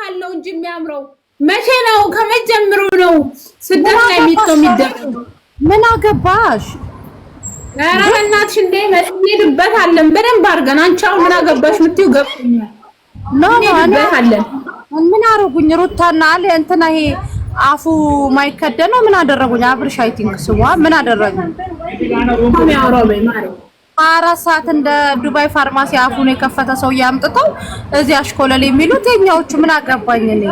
ባህል ነው እንጂ የሚያምረው መቼ ነው? ከመጀመሩ ነው ስደት ላይ ሚት የሚደረግ? ምን አገባሽ? ኧረ በእናትሽ እንደ እንሄድበት አለን በደንብ አድርገን። አንቺ አሁን ምን አገባሽ የምትይው ገብቶኛል። እንሄድበት ምን አደረጉኝ? ሩታና አለ እንትና ይሄ አፉ ማይከደነው ምን አደረጉኝ? አብርሽ አይ ቲንክ ስዋ ምን አደረጉኝ? አራት ሰዓት እንደ ዱባይ ፋርማሲ አፉን የከፈተ ሰው ያምጥተው እዚህ አሽኮለል የሚሉት የኛዎቹ ምን አገባኝ እኔ።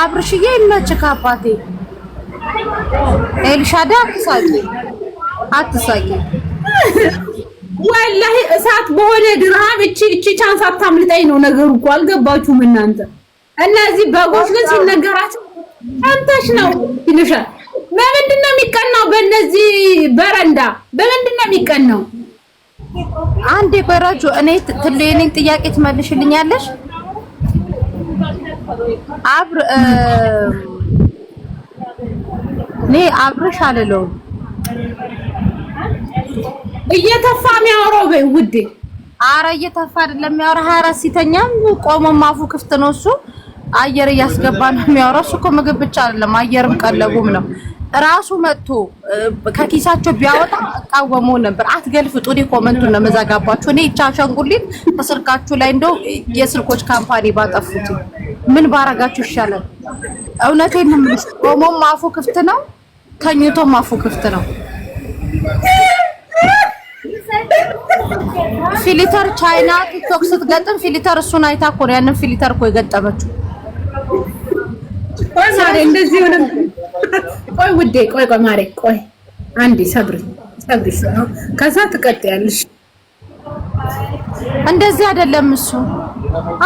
አብርሽዬ ይመችህ አባቴ። ኤልሻዳ አትሳቂ አትሳቂ። ወላሂ እሳት በሆነ ድርሃም እቺ እቺ ቻንስ አታምልጠኝ ነው ነገሩ እኮ አልገባችሁም እናንተ። እነዚህ በጎች ግን ሲነገራቸው አንተሽ ነው ይልሻል። በምንድን ነው የሚቀናው? በእነዚህ በረንዳ በምንድን ነው የሚቀናው? አንድ የበራጁ እኔ ትልየኔን ጥያቄ ትመልሽልኛለሽ? አብር እኔ አብርሽ አልለው እየተፋ የሚያወራው በይ ውዴ። አረ እየተፋ አይደለም የሚያወራ ሀያ አራት ሲተኛም ቆሞ ማፉ ክፍት ነው እሱ አየር እያስገባ ነው የሚያወራው። እሱ እኮ ምግብ ብቻ አይደለም አየርም ቀለቡም ነው። ራሱ መጥቶ ከኪሳቸው ቢያወጣ እቃወመው ነበር። አትገልፍጡ። እኔ ኮመንቱን ነው መዛጋባችሁ። እኔ ይቻ አሻንጉሊት ከስልካችሁ ላይ እንደው የስልኮች ካምፓኒ ባጠፉት ምን ባረጋችሁ ይሻላል? እውነቴን የምልሽ ቆሞም አፉ ክፍት ነው፣ ተኝቶም አፉ ክፍት ነው። ፊሊተር ቻይና ቲክቶክ ስትገጥም ፊሊተር እሱን አይታ እኮ ነው ያንን ፊሊተር እኮ የገጠመችው። ቆይ ውዴ፣ ቆይ ቆይ ማሬ፣ ቆይ አንዴ ሰብሪ ሰብሪ። ከዛ ትቀጥያለሽ። እንደዚህ አይደለም እሱ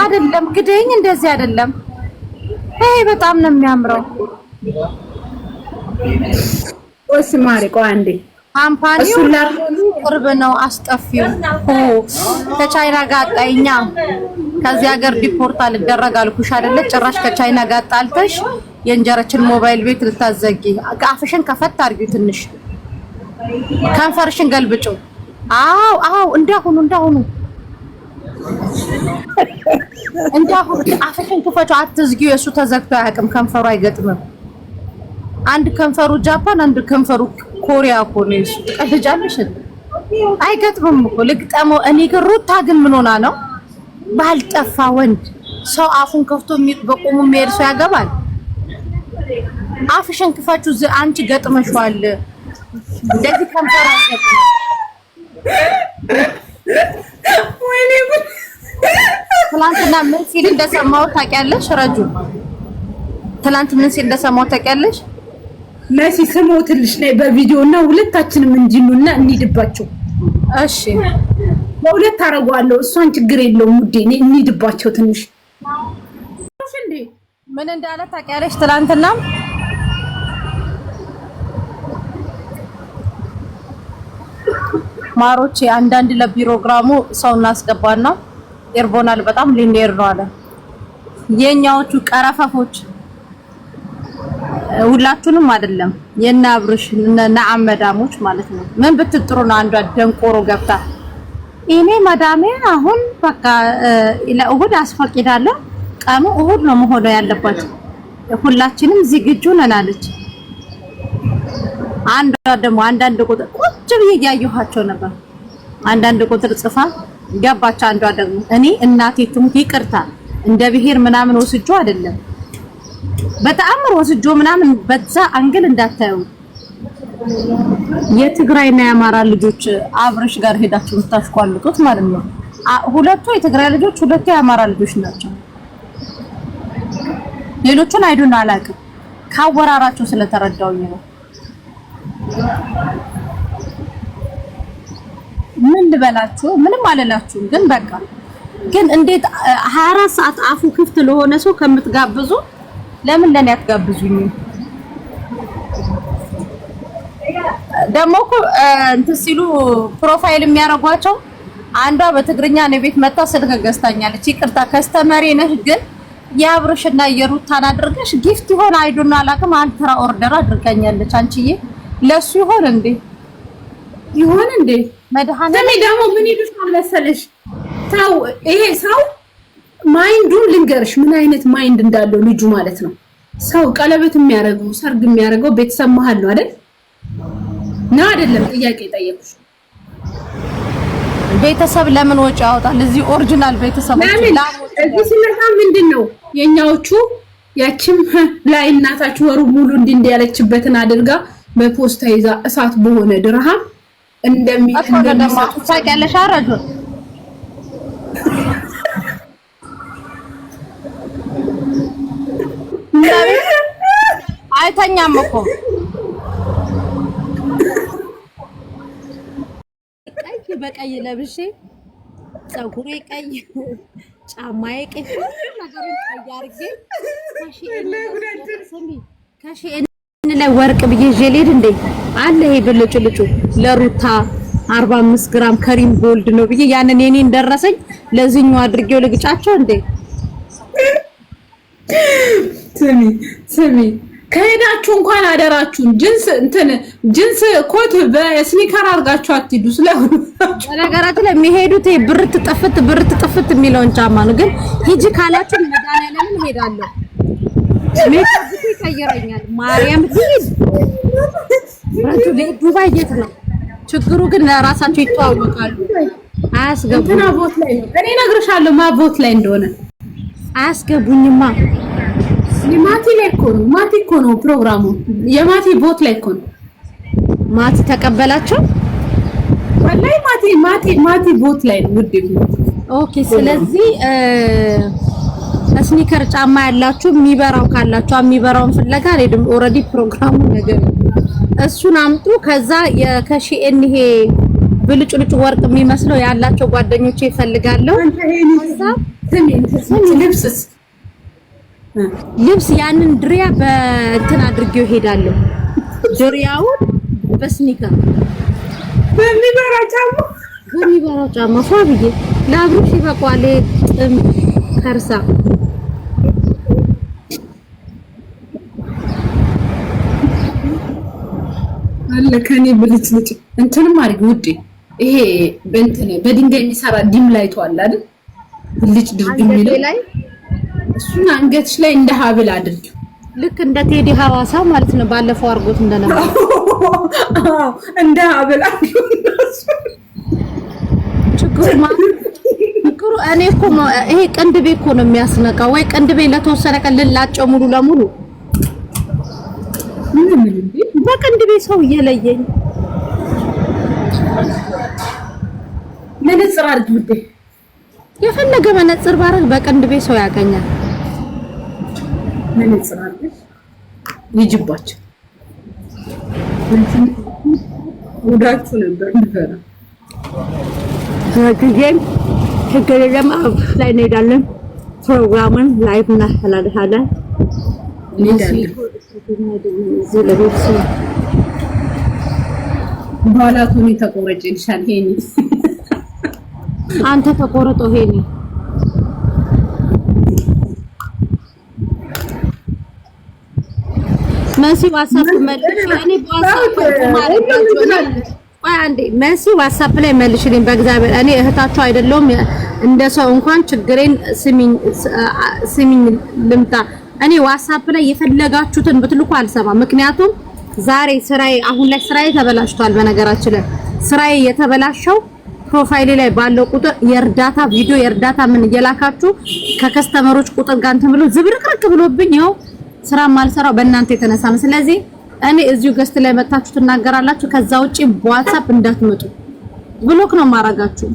አይደለም ግደኝ፣ እንደዚህ አይደለም። ይሄ በጣም ነው የሚያምረው። ወስ ማሬ፣ ቆይ አንዴ ካምፓኒው ቅርብ ነው። አስጠፊው ከቻይና ጋር አጣይኛ ከዚህ ሀገር ዲፖርት አልደረግ አልኩሽ አይደለ? ጭራሽ ከቻይና ጋር ጣልተሽ የእንጀራችን ሞባይል ቤት ልታዘጊ አፍሽን ከፈት አርጊ፣ ትንሽ ከንፈርሽን ገልብጩ። አው አው እንዳሁኑ እንዳሁኑ እንዳሁኑ አፍሽን ክፈቹ፣ አትዝጊው። የእሱ ተዘግቶ አያውቅም። ከንፈሩ አይገጥምም። አንድ ከንፈሩ ጃፓን፣ አንድ ከንፈሩ ኮሪያ እኮ ነው የእሱ። ትቀልጃለሽ። አይገጥምም እኮ ልግጠመው። እኔ ግን ሩታ ግን ምን ሆና ነው ባልጠፋ ወንድ ሰው አፉን ከፍቶ በቁሙ የሚሄድ ሰው ያገባል። አፍሽን ክፋችሁ አንቺ ገጥመሽዋል። እንደዚህ ከንፈራ ገጥመ ትላንትና ምን ሲል እንደሰማው ታውቂያለሽ? ረጁ ትላንት ምን ሲል እንደሰማው ታውቂያለሽ? መሲ ስሞትልሽ ነይ በቪዲዮ እና ሁለታችንም እንዲኑና እንሂድባቸው። እሺ በሁለት አደርገዋለሁ። እሷን ችግር የለውም ውዴ፣ እኔ እንሂድባቸው ትንሽ ምን እንዳለ ታውቂያለሽ? ትላንትና ማሮች አንዳንድ ለቢሮግራሙ ሰው እናስገባና ኤርቦናል በጣም ሊኔር ነው አለ። የኛዎቹ ቀረፈፎች ሁላችሁንም አይደለም የና አብርሽ እና አመዳሞች ማለት ነው። ምን ብትጥሩ ነው አንዷ ደንቆሮ ገብታ እኔ መዳሜ አሁን በቃ ለእሁድ አስፈቅዳለሁ ቀኑ እሁድ ነው መሆኑ ያለበት ሁላችንም ዝግጁ ነን አለች። አንዷ ደግሞ አንዳንድ ቁጥር ቁጭ ብዬ እያየኋቸው ነበር። አንዳንድ ቁጥር ጽፋ ገባች። አንዷ ደግሞ እኔ እናቴ ትሙት ይቅርታ እንደ ብሔር ምናምን ወስጆ አይደለም በተአምር ወስጆ ምናምን በዛ አንግል እንዳታዩ። የትግራይና የአማራ ልጆች አብረሽ ጋር ሄዳችሁ ብታሽቋልጡት ማለት ነው። ሁለቱ የትግራይ ልጆች፣ ሁለቱ የአማራ ልጆች ናቸው። ሌሎቹን አይዱን አላውቅም። ካወራራቸው ስለተረዳውኝ ነው። ልበላችሁ፣ ምንም አልላችሁም። ግን በቃ ግን እንዴት 24 ሰዓት አፉ ክፍት ለሆነ ሰው ከምትጋብዙ ለምን ለኔ አትጋብዙኝ? ደግሞ እኮ እንትን ሲሉ ፕሮፋይል የሚያደርጓቸው አንዷ በትግርኛ ነው ቤት መታ ስልክ ገዝታኛለች። ይቅርታ ከስተመሪ ነሽ፣ ግን የአብርሽና የሩታን አድርገሽ ጊፍት ይሆን አይዱና አላውቅም፣ አንተራ ኦርደር አድርገኛለች። አንቺዬ ለሱ ይሆን እንዴ? ይሆን እንዴ? መድሃኔ ደግሞ ምን ይሉሻል መሰለሽ፣ ሰው ይሄ ሰው ማይንዱን ልንገርሽ፣ ምን አይነት ማይንድ እንዳለው ልጁ ማለት ነው። ሰው ቀለበት የሚያደርገው ሰርግ የሚያደርገው ቤተሰብ መሀል ነው አይደል? ና አይደለም? ጥያቄ ጠየቅሽ። ቤተሰብ ለምን ወጪ ያወጣል? እዚህ ኦሪጂናል ቤተሰብ እዚህ ሲመጣ ምንድን ነው የእኛዎቹ ያቺም ላይ እናታችሁ ወሩ ሙሉ እንዲህ እንዲያለችበትን አድርጋ በፖስታ ይዛ እሳት በሆነ ድርሃም እንደሚታውቂያለሽ አረጁ አይተኛም እኮ ቀይ በቀይ ለብሼ ፀጉሬ ቀይ ጫማዬ ቀይ ቀይ አድርጌ ላይ ወርቅ ብዬ ጀሌድ እንዴ አለ ይሄ ብልጭ ልጩ ለሩታ 45 ግራም ከሪም ጎልድ ነው ብዬ ያንን የኔን ደረሰኝ ለዚህኙ አድርጌው ልግጫቸው እንዴ። ስሚ ስሚ ከሄዳችሁ እንኳን አደራችሁን ጅንስ እንትን ጅንስ ኮት በስኒከር አድርጋችሁ አትሂዱ። ስለሆነ በነገራችን ላይ የሚሄዱት ብርት ጥፍት ብርት ጥፍት የሚለውን ጫማ ነው። ግን ሂጂ ካላችሁ መዳን ያለንም ሄዳለሁ ይቀይረኛል። ማርያም ዱባይ የት ነው ችግሩ? ግን ራሳቸው ይተዋወቃሉ። አያስገቡም። እኔ እነግርሻለሁ ማቦት ላይ እንደሆነ አያስገቡኝማ። ማቲ ላይ እኮ ነው ማቲ እኮ ነው ፕሮግራሙ የማቲ ቦት ላይ እኮ ነው። ማቲ ተቀበላቸው ወላሂ ማቲ ማቲ ማቲ ቦት ላይ ነው ውድ። ኦኬ ስለዚህ ስኒከር ጫማ ያላችሁ የሚበራው ካላችሁ የሚበራውን ፍለጋ አልሄድም። ኦልሬዲ ፕሮግራሙ ነገር እሱን አምጡ። ከዛ የከሺኤን ይሄ ብልጭ ልጭ ወርቅ የሚመስለው ያላቸው ጓደኞቼ ይፈልጋለሁ። ልብስ ያንን ድሪያ በእንትን አድርጌው ይሄዳለሁ። ድሪያውን በስኒከር በሚበራ ጫማ በሚበራ ጫማ ፏ ብዬ ለአብሮሽ ይበቋል ጥም ከርሳ አለ ከኔ ብልጭ ልጭ እንትንም አድርጊ ውዴ። ይሄ በእንትን በድንጋይ የሚሰራ ዲም ላይቷ አለ አይደል? ብልጭ ድርግ የሚለው እሱን አንገትሽ ላይ እንደ ሀብል አድርግ። ልክ እንደ ቴዲ ሀዋሳ ማለት ነው። ባለፈው አድርጎት እንደነበረ እንደ ሀብል አድርጊ። ችግሩ ችግሩ እኔ እኮ ይሄ ቅንድቤ እኮ ነው የሚያስነቃው። ወይ ቅንድቤ ለተወሰነ ቀን ልላጨው ሙሉ ለሙሉ በቅንድቤ ሰው እየለየኝ መነጽር አድርግ ውዴ፣ የፈለገ መነጽር ባረግ በቅንድቤ ሰው ያገኛል። መነጽር አድርግ ይጅባቸው ውዳችሁ ነበር ጊዜም ችግር የለም። ላይ እንሄዳለን። ፕሮግራሙን ላይቭ እናስተላልፋለን። በኋላ ቶኒ ተቆረጭልሻል። ሄኒ አንተ ተቆርጦ ሄኒ መሲ ዋትሳፕ መልሽ። እኔ መሲ ዋትሳፕ ላይ መልሽልኝ በእግዚአብሔር እኔ እህታቸው አይደለሁም። እንደ ሰው እንኳን ችግሬን ስሚኝ ስሚኝ ልምጣ እኔ ዋትስአፕ ላይ የፈለጋችሁትን ብትልኩ አልሰማም። ምክንያቱም ዛሬ ስራዬ አሁን ላይ ስራዬ ተበላሽቷል። በነገራችን ላይ ስራዬ የተበላሸው ፕሮፋይሌ ላይ ባለው ቁጥር የእርዳታ ቪዲዮ የእርዳታ ምን እየላካችሁ ከከስተመሮች ቁጥር ጋር እንትን ብሎ ዝብርቅርቅ ብሎብኝ ይኸው ስራ ማልሰራው በእናንተ የተነሳ ነው። ስለዚህ እኔ እዚሁ ገስት ላይ መታችሁ ትናገራላችሁ። ከዛ ውጪ በዋትስአፕ እንዳትመጡ ብሎክ ነው ማረጋችሁ።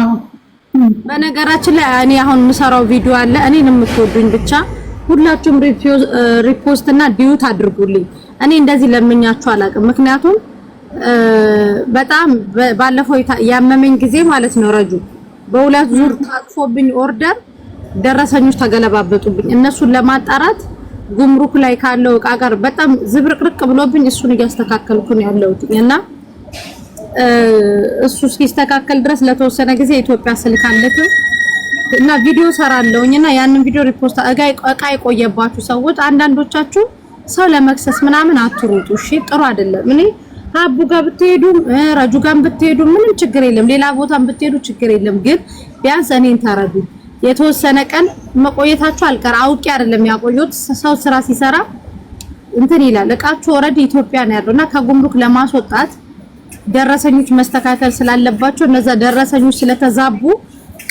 አዎ በነገራችን ላይ እኔ አሁን የምሰራው ቪዲዮ አለ። እኔን የምትወዱኝ ብቻ ሁላችሁም ሪፖስት እና ዲዩት አድርጉልኝ። እኔ እንደዚህ ለምኛችሁ አላውቅም። ምክንያቱም በጣም ባለፈው ያመመኝ ጊዜ ማለት ነው ረጁ በሁለት ዙር ታጥፎብኝ ኦርደር ደረሰኞች ተገለባበጡብኝ። እነሱን ለማጣራት ጉምሩክ ላይ ካለው እቃ ጋር በጣም ዝብርቅርቅ ብሎብኝ እሱን እያስተካከልኩ ነው ያለሁት እና እሱ እስኪስተካከል ድረስ ለተወሰነ ጊዜ ኢትዮጵያ ስልክ አለች እና ቪዲዮ ሰራለሁኝና ያንን ቪዲዮ ሪፖስት እቃ የቆየባችሁ ሰዎች አንዳንዶቻችሁ ሰው ለመክሰስ ምናምን አትሩጡ። እሺ፣ ጥሩ አይደለም። እኔ አቡ ጋር ብትሄዱም ረጁ ጋር ብትሄዱ ምንም ችግር የለም። ሌላ ቦታም ብትሄዱ ችግር የለም። ግን ቢያንስ እኔን ተረዱ። የተወሰነ ቀን መቆየታችሁ አልቀር አውቄ አይደለም ያቆየሁት። ሰው ስራ ሲሰራ እንትን ይላል። እቃችሁ ኦልሬዲ ኢትዮጵያ ነው ያለውና ከጉምሩክ ለማስወጣት ደረሰኞች መስተካከል ስላለባቸው እነዛ ደረሰኞች ስለተዛቡ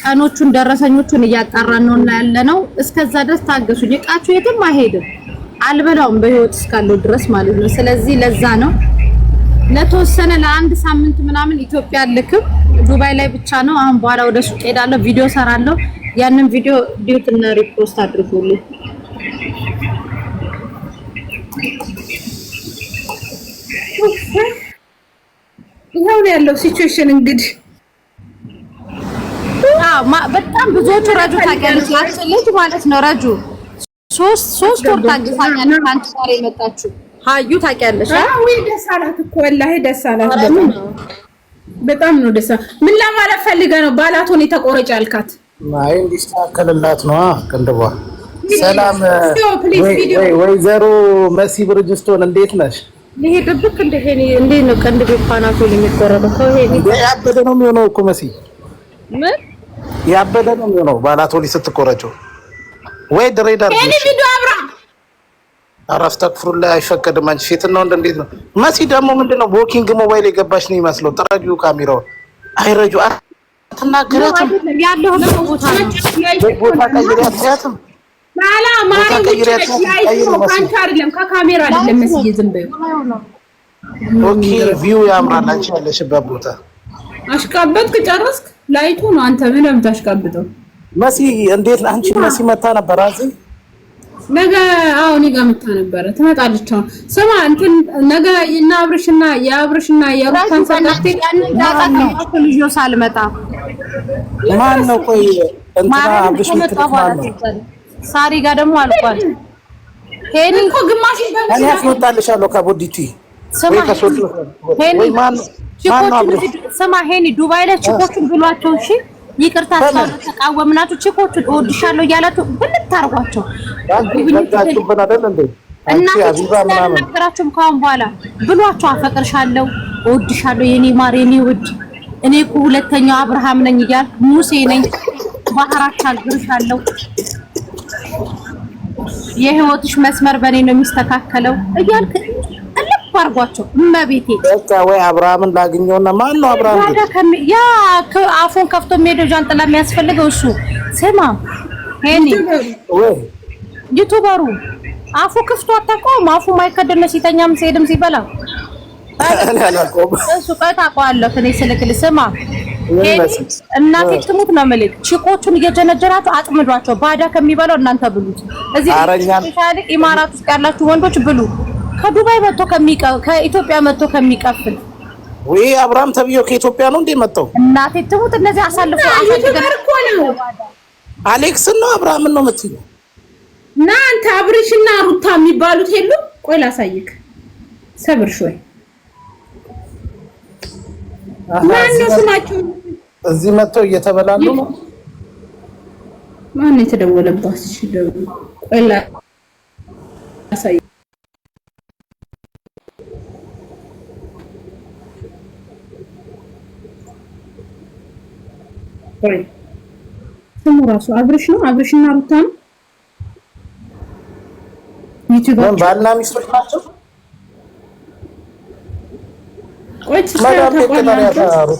ቀኖቹን ደረሰኞቹን እያጣራን ነው እና ያለ ነው። እስከዛ ድረስ ታገሱኝ። እቃችሁ የትም አይሄድም፣ አልበላውም በህይወት እስካለው ድረስ ማለት ነው። ስለዚህ ለዛ ነው ለተወሰነ ለአንድ ሳምንት ምናምን ኢትዮጵያ ልክም ዱባይ ላይ ብቻ ነው። አሁን በኋላ ወደ ሱቅ ሄዳለሁ፣ ቪዲዮ ሰራለሁ። ያንን ቪዲዮ ዲዩት እና ሪፖስት አድርጉልኝ። ነው ያለው ሲቹዌሽን እንግዲህ በጣም ብዙዎቹ ረጁ ታውቂያለሽ፣ ያችን ማለት ነው ረጁ ሶስት ሶስት ወር ታግፋኛለች። አንቺ ጋር የመጣችው ሀዩ ታውቂያለሽ። አዎ ደስ አላት እኮ ወላሂ ደስ አላት። በጣም ነው ደስ አላት። ምን ለማለት ፈልገ ነው? ባላቶን የተቆረጭ ያልካት አይ እንዲስተካከልላት ነው ቅንድቧ። ሰላም ወይዘሮ መሲ ብርጅስቶን እንዴት ነሽ? ሄደብክ እንደ ሄኒ እንዴ ነው ቀንድ ቢፋናቱ የሚቆረጠው ሰው ያበደ ነው የሚሆነው እኮ መሲ ምን ያበደ ነው የሚሆነው ባናቶሊ ስትቆረጨው ወይ ድሬዳር ሄኒ ቪዲዮ አብራ አረፍተ ክፍሩ ላይ አይፈቀድም። አንቺ ሴት ነው እንዴት ነው መሲ ደግሞ ምንድነው ቦኪንግ ሞባይል የገባሽ ነው ይመስለው ጥረጊው ካሜራውን አይረጁ አትናገረትም ያለው ቦታ ነው ቦታ ቀይሪያትም ላላ ማሪ ውጭ ነች። ላይቶ አሽቃበጥክ፣ ጨረስክ። ላይቶ ነው አንተ ምን የምታሽቃብጠው? መሲ እንዴት አንቺ መሲ መታ ነበር አዚ ነገ አዎ እኔ ጋር መታ ነበረ። ትመጣለች። አሁን ስማ እንትን ነገ እና አብርሽና የአብርሽና የሩታን ሰላቴ ልጆ ሳልመጣ ማን ነው ቆይ እንትና አብርሽ ምትልክ ማን ነው ሳሪ ጋር ደግሞ አልቋል። ሄኒ እኮ ግማሽ እኔ አስመጣልሻለሁ ከቦዲቲ ስማ ሄኒ ዱባይ ላይ ችኮቹን ብሏቸው፣ እሺ ይቅርታ ሳሉ ተቃወምናችሁ። ችኮቹን እወድሻለሁ እያላችሁ ብልት አድርጓቸው እናናገራችሁም ከአሁን በኋላ ብሏቸው፣ አፈቅርሻለሁ፣ እወድሻለሁ፣ የኔ ማር፣ የኔ ውድ፣ እኔ እኮ ሁለተኛው አብርሃም ነኝ እያልኩ ሙሴ ነኝ ባህራች አልግርሻለሁ የህይወትሽ መስመር በእኔ ነው የሚስተካከለው እያልክ እልፍ አድርጓቸው። እመቤቴ በቃ ወይ አብርሃምን ላግኘውና ማን ነው አብርሃም? ያ አፉን ከፍቶ የሚሄደው ጃንጥላ የሚያስፈልገው እሱ። ስማ ሄኒ ዩቱበሩ አፉ ክፍቶ አታውቀውም። አፉ ማይከደነ ሲተኛም ሲሄድም ሲበላ እሱ ቀይ ታውቀዋለሁ። እኔ ስልክልህ ስማ እናቴ ትሙት ነው የምልህ። ችኮቹን እየጀነጀናቸው አጥምዷቸው። ባዳ ከሚበላው እናንተ ብሉት። እዚህ ስፔሻሊ ኢማራት ውስጥ ያላችሁ ወንዶች ብሉ። ከዱባይ መጥቶ ከኢትዮጵያ መጥቶ ከሚቀፍል ወይ አብርሃም ተብዬው ከኢትዮጵያ ነው እንዴ መጥተው? እናቴ ትሙት እነዚህ አሳልፎ አሌክስን ነው አብርሃምን ነው የምትይው? እና አንተ አብርሽና ሩታ የሚባሉት የሉ። ቆይ ላሳይክ ሰብርሽ ወይ ማነው ስማቸው? እዚህ መጥተው እየተበላሉ ነው። ማን የተደወለባት? ስሙ ራሱ አብርሽ ነው። አብርሽና ሩታ ነው። ዩቲዩበር ባልና ሚስቶች ናቸው። ቆይ